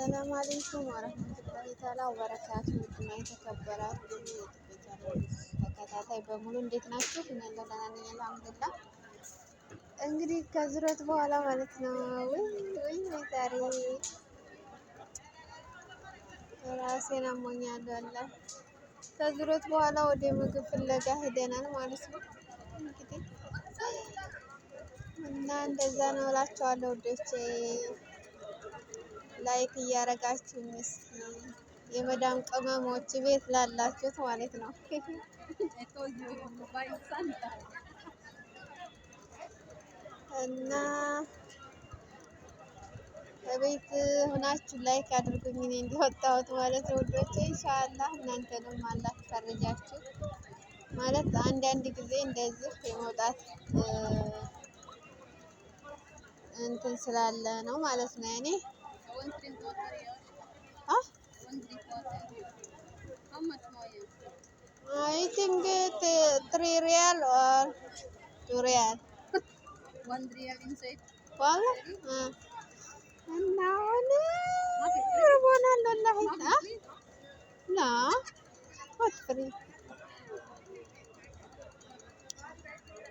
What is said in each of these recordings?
ሰላም አለይኩም ወረህመቱላሂ ተዓላ ወበረካቱ። ውድና የተከበራችሁ ተከታታይ በሙሉ እንዴት ናችሁ? እኛ ደህና ነን አልሐምዱሊላህ። እንግዲህ ከዙረት በኋላ ማለት ነው። ወይ ወይ ዛሬ ራሴን አሞኛል አለ። ከዙረት በኋላ ወደ ምግብ ፍለጋ ሄደናል ማለት ነው። እንግዲህ እና እንደዛ ነው እላቸዋለሁ ውዶቼ ላይክ እያረጋችሁ እስኪ የመዳም ቅመሞች ቤት ላላችሁት ማለት ነው። እና በቤት ሆናችሁ ላይክ አድርጉኝ። እኔ እንደወጣሁት ማለት ነው ውዶቼ። ኢንሻአላህ እናንተንም አላህ ፈርጃችሁ ማለት አንዳንድ ጊዜ እንደዚህ የመውጣት እንትን ስላለ ነው ማለት ነው እኔ Huh? How much more? I think it, uh, real or two real. One real inside? Well, uh, hmm. hmm. and now, no. Rabon, Allah, No. What free?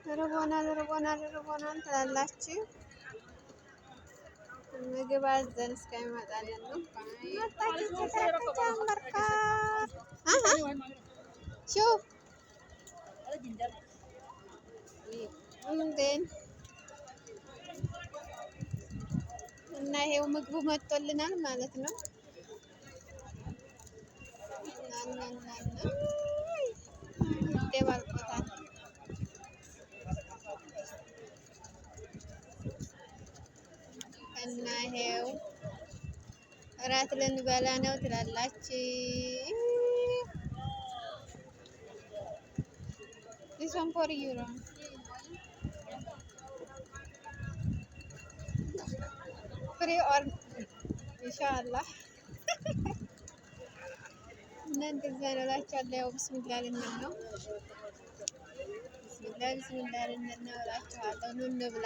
Rabon, Rabon, Rabon, Rabon, ምግብ አዘን እስከሚመጣልን ነው። እና ይሄው ምግቡ መጥቶልናል ማለት ነው። ደባልቆታል እና ይሄው እራት ልንበላ ነው ትላላችሁ። This one for euro. Free or inshallah እና ነው እላችኋለሁ። ያው ብስሚላ ልንል ነው ብስሚላ ብስሚላ ልንል ነው እላችኋለሁ። ኑ እንብላ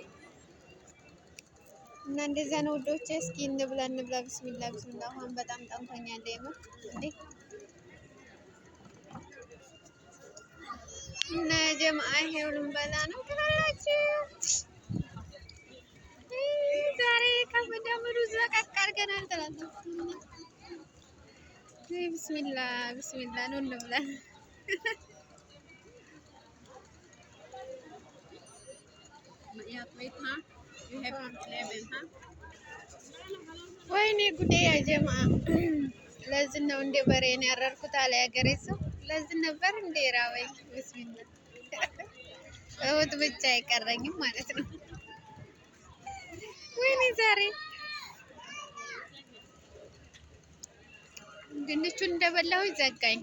እና እንደዚያ ነው ውዶቼ። እስኪ እንብላ እንብላ፣ ብስሚላ ብስሚላ። አሁን በጣም ጠምቶኛል የምር እንዴ። እና ጀማ ይሄው ልንበላ ነው ትላላችሁ ዛሬ ከምደምሩ ዘቀቅ አድርገናል ትላላችሁ። ብስሚላ ብስሚላ ነው እንብላ ያ ወይኔ ጉዴ ያጀማ ለዚህ ነው እንደ በሬ ያረርኩት አለ ያገሬ ሰው። ለዚህ ነበር እንደ ራበኝ ብስሚላ እሑድ ብቻ አይቀረኝም ማለት ነው። ወይኔ ዛሬ ድንቹን እንደበላሁ ዘጋኝ።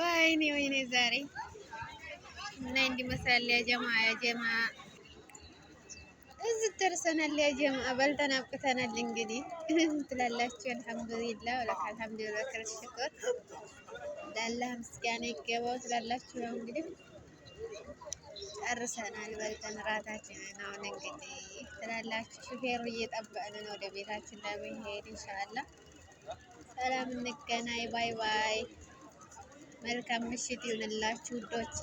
ወይኔ ወይኔ ዛሬ እና እንዲህ ያጀማ ያጀማ እዚህ ደርሰናል። ያ ጀማ በልተን አብቅተናል። እንግዲህ ትላላችሁ አልሐምዱሊላ ወለካ አልሐምዱሊላ ከሽኩር ለአላህ ምስጋና ይገባው ትላላችሁ። ያው እንግዲህ ጨርሰናል በልተን ራታችንን አሁን እንግዲህ ትላላችሁ። ሹፌሩ እየጠበቅን ነው ወደ ቤታችን ለመሄድ ኢንሻአላህ። ሰላም እንገናኝ። ባይ ባይ። መልካም ምሽት ይሁንላችሁ ውዶቼ።